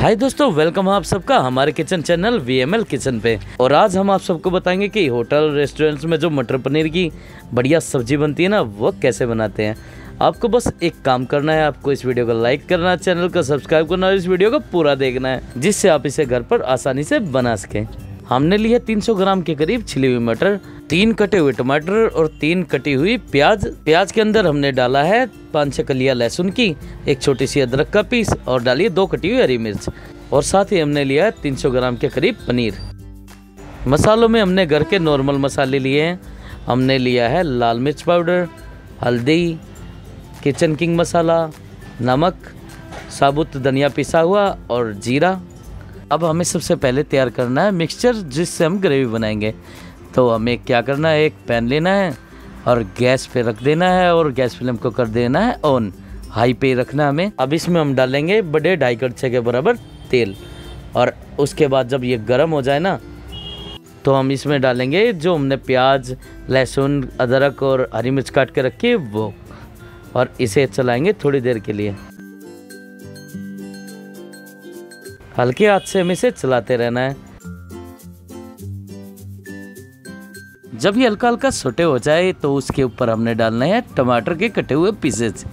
हाय दोस्तों वेलकम आप सबका हमारे किचन चैनल वीएमएल किचन पे और आज हम आप सबको बताएंगे कि होटल रेस्टोरेंट्स में जो मटर पनीर की बढ़िया सब्जी बनती है ना वो कैसे बनाते हैं आपको बस एक काम करना है आपको इस वीडियो को लाइक करना है चैनल को सब्सक्राइब करना और इस वीडियो को पूरा देखना है जिससे आप इसे घर पर आसानी से बना सकें हमने लिया 300 ग्राम के करीब छिली हुई मटर तीन कटे हुए टमाटर और तीन कटी हुई प्याज प्याज के अंदर हमने डाला है पाँच छः कलिया लहसुन की एक छोटी सी अदरक का पीस और डालिए दो कटी हुई हरी मिर्च और साथ ही हमने लिया है तीन ग्राम के करीब पनीर मसालों में हमने घर के नॉर्मल मसाले लिए हैं हमने लिया है लाल मिर्च पाउडर हल्दी किचन किंग मसाला नमक साबुत धनिया पिसा हुआ और जीरा अब हमें सबसे पहले तैयार करना है मिक्सचर जिससे हम ग्रेवी बनाएंगे तो हमें क्या करना है एक पैन लेना है और गैस पे रख देना है और गैस फ्लेम को कर देना है ऑन हाई पे रखना हमें अब इसमें हम डालेंगे बड़े ढाई कड़छे के बराबर तेल और उसके बाद जब ये गर्म हो जाए ना तो हम इसमें डालेंगे जो हमने प्याज लहसुन अदरक और हरी मिर्च काट के रखी है वो और इसे चलाएंगे थोड़ी देर के लिए हल्के हाथ से हमें इसे चलाते रहना है जब ये हल्का हल्का छोटे हो जाए तो उसके ऊपर हमने डालना है टमाटर के कटे हुए पीसेज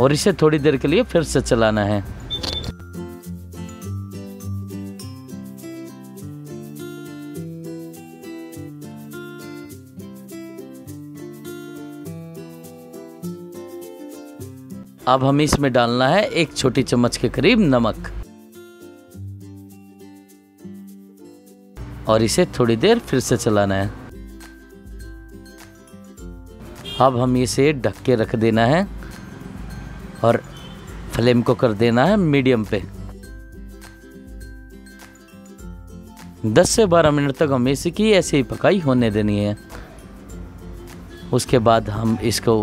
और इसे थोड़ी देर के लिए फिर से चलाना है अब हमें इसमें डालना है एक छोटी चम्मच के करीब नमक और इसे थोड़ी देर फिर से चलाना है अब हम इसे ढक के रख देना है और फ्लेम को कर देना है मीडियम पे 10 से 12 मिनट तक हमें इसकी ऐसे ही पकाई होने देनी है उसके बाद हम इसको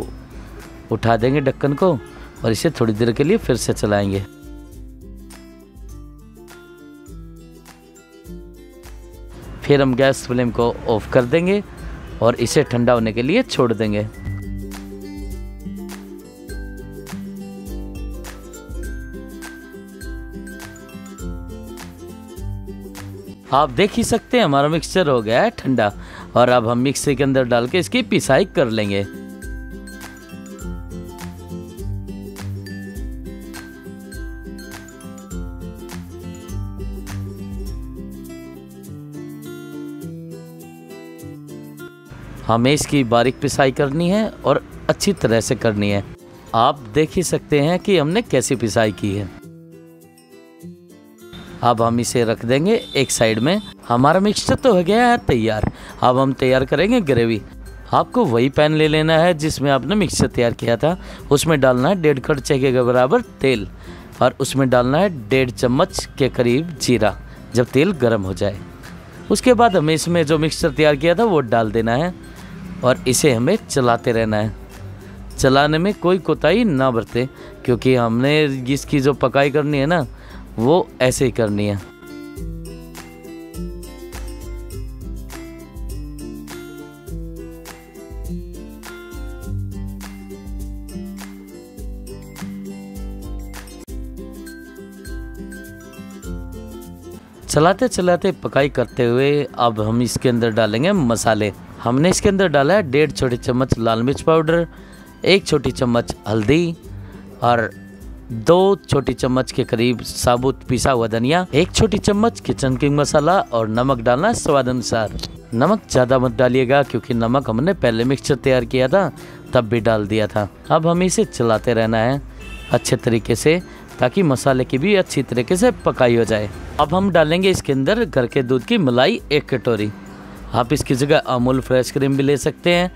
उठा देंगे ढक्कन को और इसे थोड़ी देर के लिए फिर से चलाएंगे फिर हम गैस फ्लेम को ऑफ कर देंगे और इसे ठंडा होने के लिए छोड़ देंगे आप देख ही सकते हैं हमारा मिक्सचर हो गया है ठंडा और अब हम मिक्सी के अंदर डाल के इसकी पिसाई कर लेंगे हमें इसकी बारीक पिसाई करनी है और अच्छी तरह से करनी है आप देख ही सकते हैं कि हमने कैसी पिसाई की है अब हम इसे रख देंगे एक साइड में हमारा मिक्सचर तो हो गया है तैयार अब हम तैयार करेंगे ग्रेवी आपको वही पैन ले लेना है जिसमें आपने मिक्सचर तैयार किया था उसमें डालना है डेढ़ खर्चे के बराबर तेल और उसमें डालना है डेढ़ चम्मच के करीब जीरा जब तेल गर्म हो जाए उसके बाद हमें इसमें जो मिक्सचर तैयार किया था वो डाल देना है और इसे हमें चलाते रहना है चलाने में कोई कोताही ना बरते क्योंकि हमने इसकी जो पकाई करनी है ना वो ऐसे ही करनी है चलाते चलाते पकाई करते हुए अब हम इसके अंदर डालेंगे मसाले हमने इसके अंदर डाला है डेढ़ छोटी चम्मच लाल मिर्च पाउडर एक छोटी चम्मच हल्दी और दो छोटी चम्मच के करीब साबुत पिसा हुआ धनिया एक छोटी चम्मच किचन किंग मसाला और नमक डालना स्वाद अनुसार नमक ज़्यादा मत डालिएगा क्योंकि नमक हमने पहले मिक्सचर तैयार किया था तब भी डाल दिया था अब हमें इसे चलाते रहना है अच्छे तरीके से ताकि मसाले की भी अच्छी तरीके से पकाई हो जाए अब हम डालेंगे इसके अंदर घर के दूध की मलाई एक कटोरी आप इसकी जगह अमूल फ्रेश क्रीम भी ले सकते हैं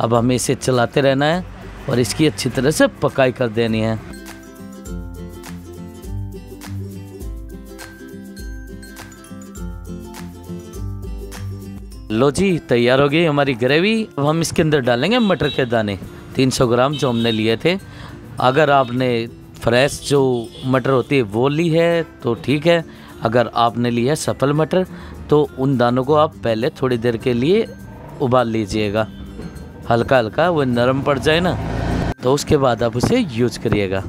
अब हमें इसे चलाते रहना है और इसकी अच्छी तरह से पकाई कर देनी है लो जी तैयार हो गई हमारी ग्रेवी अब हम इसके अंदर डालेंगे मटर के दाने 300 ग्राम जो हमने लिए थे अगर आपने फ्रेश जो मटर होती है वो ली है तो ठीक है अगर आपने ली है सफल मटर तो उन दानों को आप पहले थोड़ी देर के लिए उबाल लीजिएगा हल्का हल्का वो नरम पड़ जाए ना तो उसके बाद आप उसे यूज करिएगा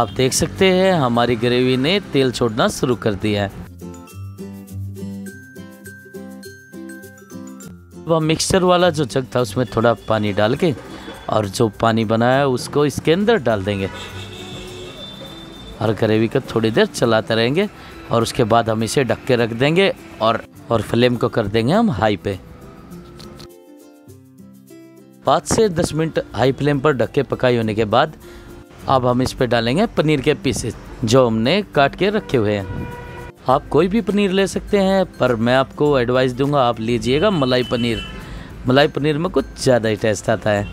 आप देख सकते हैं हमारी ग्रेवी ने तेल छोड़ना शुरू कर दिया है वह मिक्सचर वाला जो जग था उसमें थोड़ा पानी डाल के और जो पानी बनाया उसको इसके अंदर डाल देंगे और ग्रेवी को थोड़ी देर चलाते रहेंगे और उसके बाद हम इसे ढक के रख देंगे और और फ्लेम को कर देंगे हम हाई पे पाँच से दस मिनट हाई फ्लेम पर ढक के पकाई होने के बाद अब हम इस पे डालेंगे पनीर के पीसेस जो हमने काट के रखे हुए हैं आप कोई भी पनीर ले सकते हैं पर मैं आपको एडवाइस दूंगा आप लीजिएगा मलाई पनीर मलाई पनीर में कुछ ज़्यादा ही टेस्ट आता है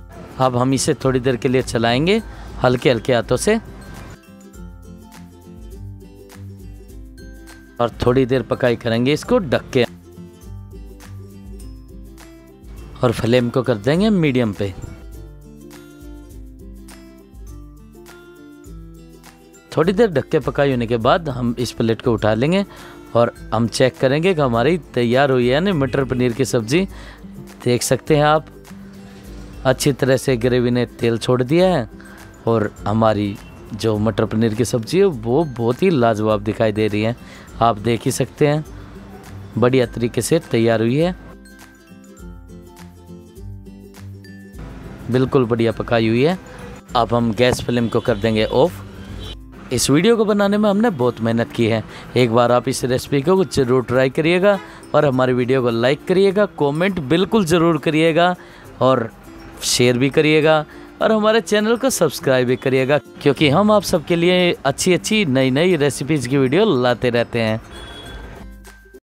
अब हम इसे थोड़ी देर के लिए चलाएंगे हल्के हल्के हाथों से और थोड़ी देर पकाई करेंगे इसको ढक के और फ्लेम को कर देंगे मीडियम पे थोड़ी देर ढक के पकाई होने के बाद हम इस प्लेट को उठा लेंगे और हम चेक करेंगे कि हमारी तैयार हुई है ना मटर पनीर की सब्ज़ी देख सकते हैं आप अच्छी तरह से ग्रेवी ने तेल छोड़ दिया है और हमारी जो मटर पनीर की सब्ज़ी है वो बहुत ही लाजवाब दिखाई दे रही है आप देख ही सकते हैं बढ़िया तरीके से तैयार हुई है बिल्कुल बढ़िया पकाई हुई है अब हम गैस फ्लेम को कर देंगे ऑफ़ इस वीडियो को बनाने में हमने बहुत मेहनत की है एक बार आप इस रेसिपी को ज़रूर ट्राई करिएगा और हमारे वीडियो को लाइक करिएगा कमेंट बिल्कुल ज़रूर करिएगा और शेयर भी करिएगा और हमारे चैनल को सब्सक्राइब भी करिएगा क्योंकि हम आप सबके लिए अच्छी अच्छी नई नई रेसिपीज़ की वीडियो लाते रहते हैं